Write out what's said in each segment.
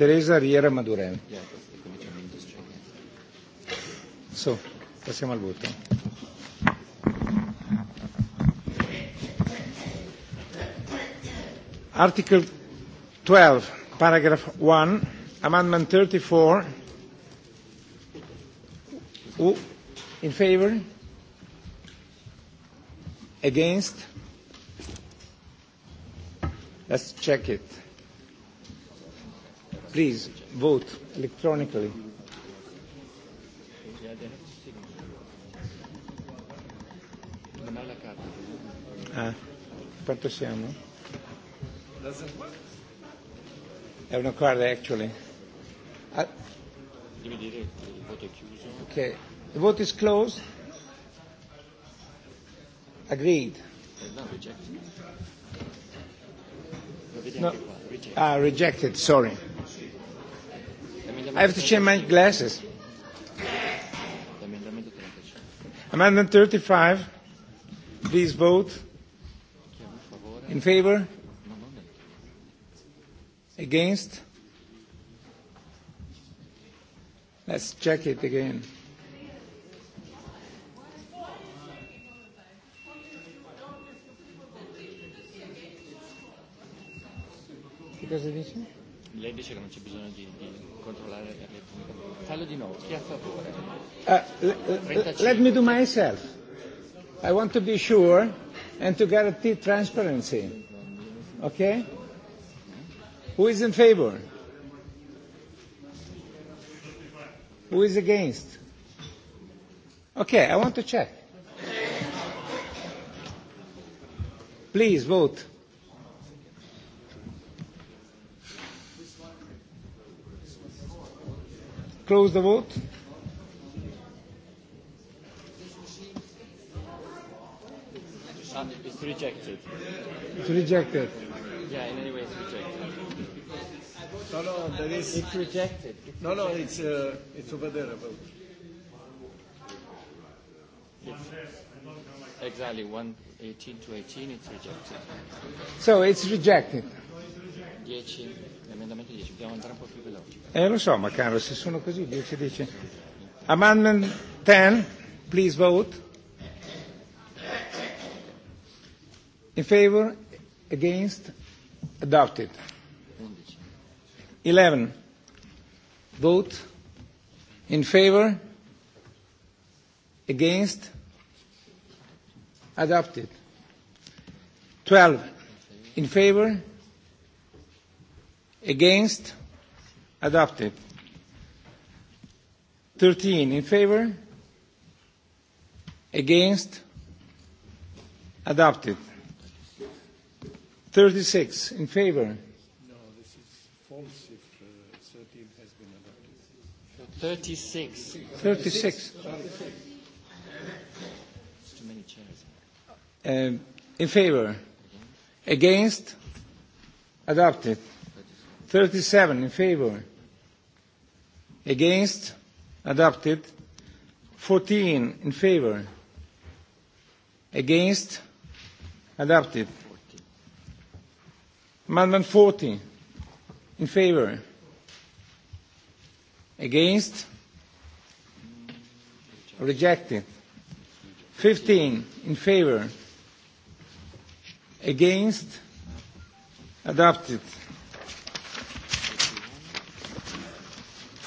Teresa Riera Madurel. So, passiamo al voto. Article 12, paragraph 1, amendment 34. Who in favor? Against? Let's check it. Please vote electronically. Ah, quanto siamo? È una quarta, actually. Ah. Devi dire il voto è chiuso. Ok, the vote is closed. Agreed. No, rejected. No. Ah, rejected, sorry. I have to change my glasses. Amendment 35. Please vote. In favor? Against? Let's check it again. Che cosa dice? Lei dice che non c'è bisogno di, di controllare l'elettronica. Fallo di nuovo. Chi è a favore? Uh, 35. let me do myself. I want to be sure and to guarantee transparency. Okay? Who is in favor? Who is against? Okay, I want to check. Please vote. close the vote. And it's rejected. It's rejected. Yeah, in any way it's rejected. No, no, there is. It's rejected. It's no, no, rejected. it's uh, it's over there about. Yes. Exactly, 118 to 18, it's rejected. So it's rejected. The 18. L'emendamento 10, dobbiamo andare un po' più veloci. Eh lo so, ma caro, se sono così, Dio ci dice. Amendment 10, please vote. In favor, against, adopted. 11. Vote in favor, against, adopted. 12. In favor, Against? Adopted. 13 in favor? Against? Adopted. 36 in favor? No, this is false if uh, 13 has been adopted. 36. 36. 36. It's too many chairs. Um, in favor? Against? Adopted. 37 in favor. Against. Adopted. 14 in favor. Against. Adopted. Amendment 40 in favor. Against. Rejected. 15 in favor. Against. Adopted.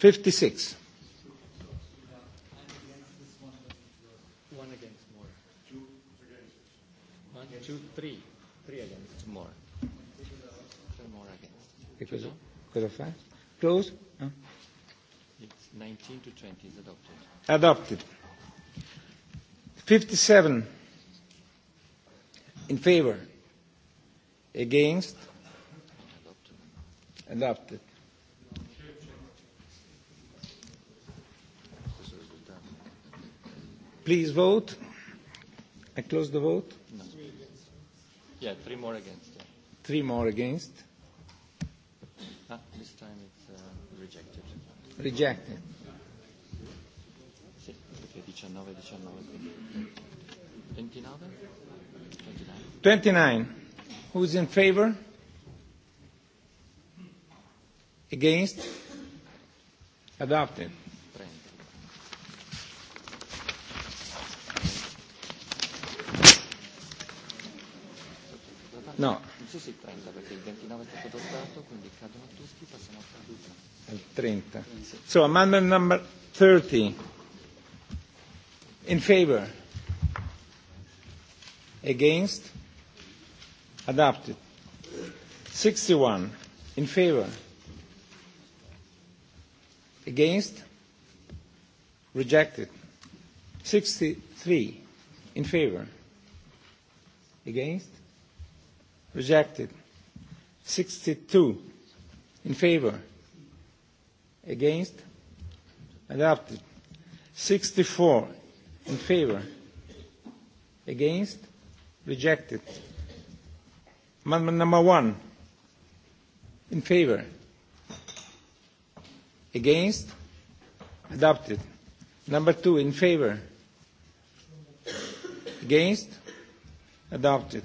56. One against more. Two against. One, two, three. Three against more. Three more against. Che cosa, cosa fa? Close? Huh? It's 19 to 20 is adopted. Adopted. 57 in favor. Against? Adopted. Adopted. Please vote. I close the vote. No. Yeah, three more against. Yeah. Three more against. Ah, this time it's uh, rejected. Rejected. Sì, perché 19, 19. 29? 29. 29. Who's in favor? Against? Adopted. No. Non so se 30 perché il 29 è stato adottato, quindi cadono tutti, passiamo al 30. Al 30. So amendment number 30. In favor. Against. Adopted. 61. In favor. Against. Rejected. 63. In favor. Against Rejected. 62 in favor. Against. Adopted. 64 in favor. Against. Rejected. Amendment number one. In favor. Against. Adopted. Number two in favor. Against. Adopted.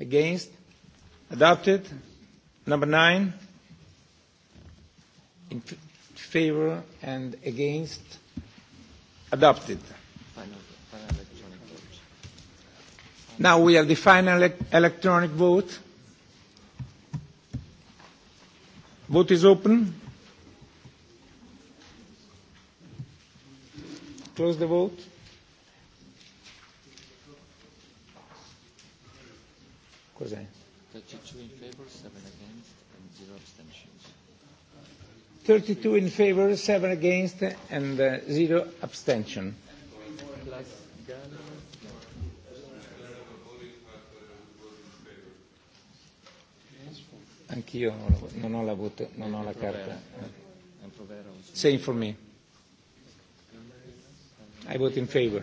Against? Adopted. Number nine. In favor and against? Adopted. Final, final electronic vote. Now we have the final ele electronic vote. Vote is open. Close the vote. Cos'è? 32 in favor, 7 against and 0 abstentions. 32 in favor, 7 against and uh, 0 abstention. Plus Ghana. Anch'io non ho la, vota, non ho la carta. Say for me. I vote in favor.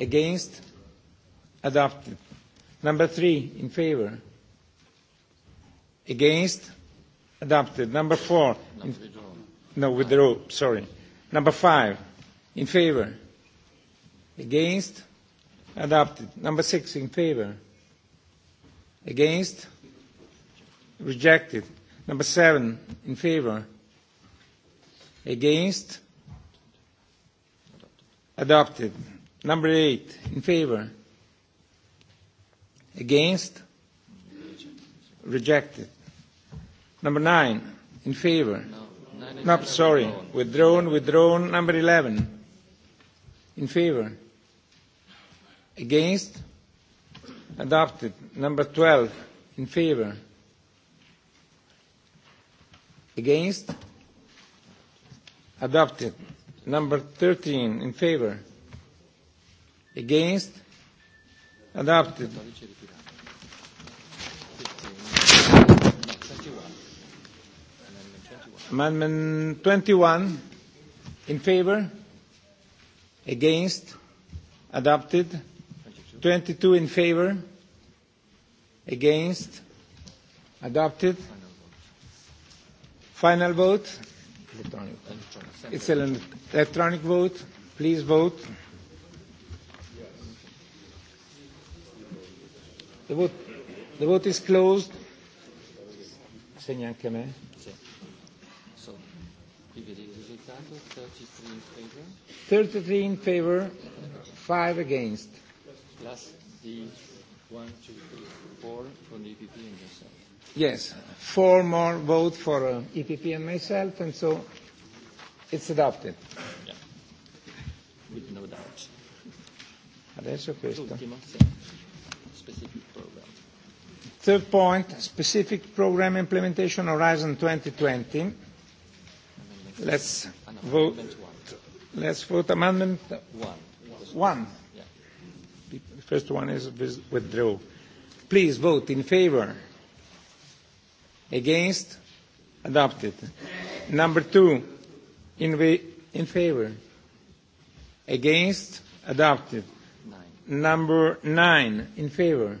Against? Adopted. Number three, in favor. Against? Adopted. Number four. In, no, withdraw, sorry. Number five, in favor. Against? Adopted. Number six, in favor. Against? Rejected. Number seven, in favor. Against? Adopted. Number eight, in favor. Against? Rejected. Number nine, in favor. No, nine no sorry. Withdrawn. withdrawn, withdrawn. Number 11, in favor. Against? Adopted. Number 12, in favor. Against? Adopted. Number 13, in favor Against? Adopted. Amendment 21 in favor, against, adopted. 22 in favor, against, adopted. Final vote. Electronic. It's an electronic vote. Please vote. The vote, the vote is closed. Segna anche a me. Sì. So, qui vedi il risultato, 33 in favor. 33 in favor, 5 against. Plus the 1, 2, 3, 4 from the EPP and yourself. Yes, four more vote for uh, EPP and myself, and so it's adopted. Yeah. With no doubt. Adesso questo. L'ultimo, sì. Third point, specific program implementation Horizon 2020. Let's vote. Let's vote amendment one. One. Yeah. The first one is withdraw. Please vote in favor. Against? Adopted. Number two, in, in favor. Against? Adopted. Nine. Number nine, in favor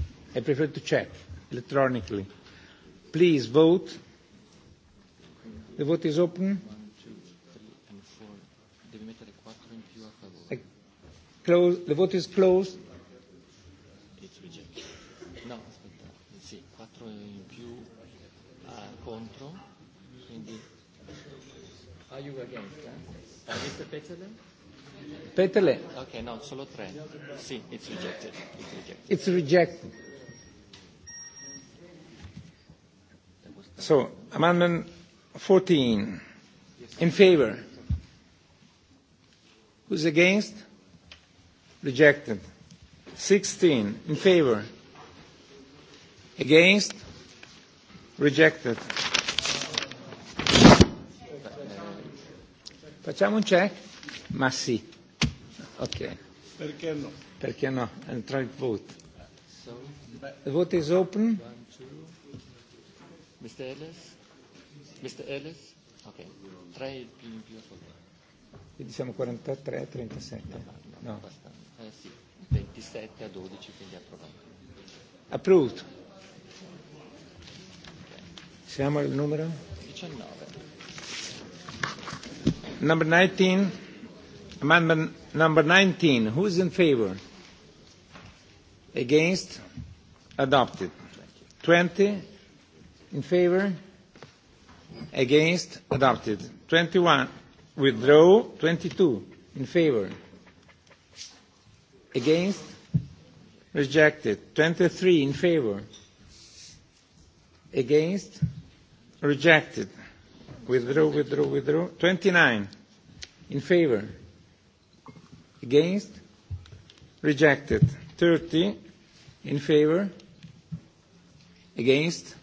I prefer to check electronically. Please vote. The vote is open. One, two, three, and four. Devi mettere quattro in più a favore. Close. The vote is closed. It's rejected. No, aspetta. Sì, quattro in più uh, contro. Quindi. Are you against? Eh? Ah, Mr. Petele? Petele. Okay, no, solo tre. Sì, it's rejected. It's rejected. It's rejected. So, amendment 14. In favor? Who's against? Rejected. 16. In favor? Against? Rejected. Facciamo un check? Ma sì. Ok. Perché no? Perché no? Electronic vote. The vote is open. One. Mr. Ellis? Mr. Ellis? Ok, 3 più in più Quindi siamo 43 a 37. No, no, no. no. Eh, sì, 27 a 12, quindi approvato. Approved. Okay. Siamo al numero? 19. Number 19. Amendment number 19. Who is in favor? Against? Adopted. 20. 20 in favor, against, adopted. 21, withdraw. 22, in favor, against, rejected. 23, in favor, against, rejected. Withdraw, withdraw, withdraw. 29, in favor, against, rejected. 30, in favor, against,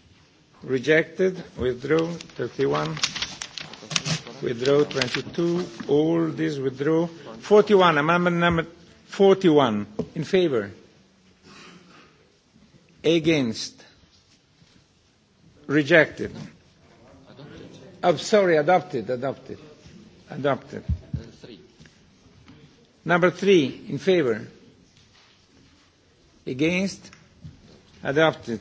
rejected, withdraw 31, withdraw 22, all these withdraw. 41, amendment number 41, in favor, against, rejected. I'm oh, sorry, adopted, adopted, adopted. Number three, in favor, against, adopted.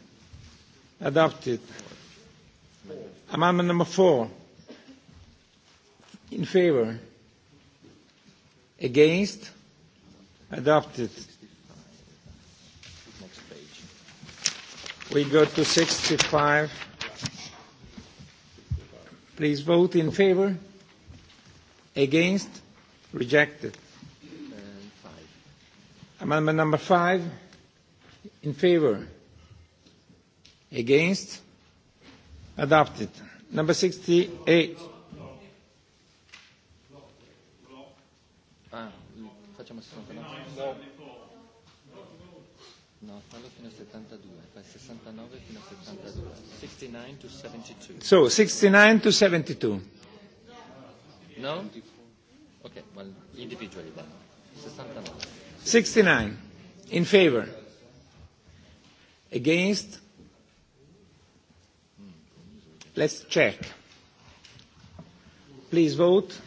Adopted. Amendment number four. In favor. Against. Adopted. We go to 65. Please vote in favor. Against. Rejected. Amendment number five. In favor. Against? Adopted. Number 68. Ah, facciamo 69. No. No, quello fino a 72, dal 69 fino a 72. 69 to 72. So, 69 to 72. No? Okay, well, individually then. 69. 69. In favor. Against? Let's check. Please vote.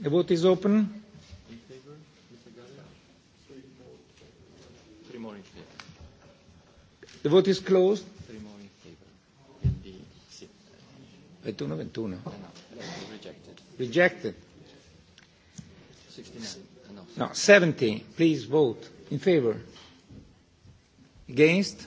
The vote is open. In favor, Mr. Galler? Three more in favor. The vote is closed. Three more in favor. And the six. 21, 21. No, no. Rejected. Rejected. 69. No, 70. Please vote. In favor. Against?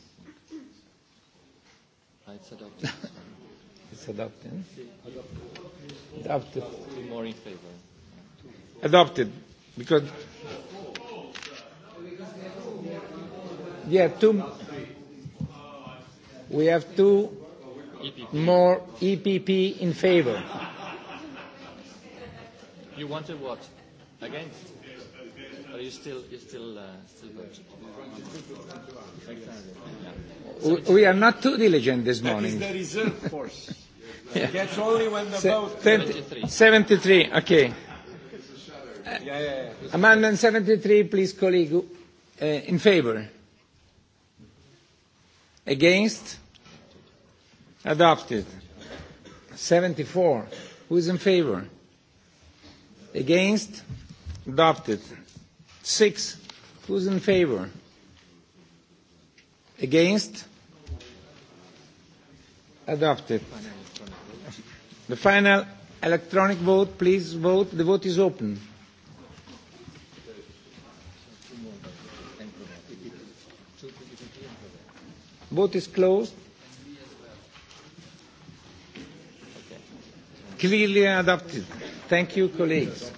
It's adopted. it's adopted. Adopted. Two more in favor. Adopted. Because. Yeah, two. We have two EPP. more EPP in favor. You wanted what? Against? sorry, you're still, you're still, uh, still voting. We are not too diligent this morning. That is the reserve force. yeah. Catch only when the Se- vote... 73. 73, okay. Yeah, yeah, yeah. Amendment 73, please, colleague. Uh, in favor? Against? Adopted. 74. Who is in favor? Against? Adopted. Six. Who's in favor? Against? Adopted. The final electronic vote, please vote. The vote is open. Vote is closed. Clearly adopted. Thank you, colleagues.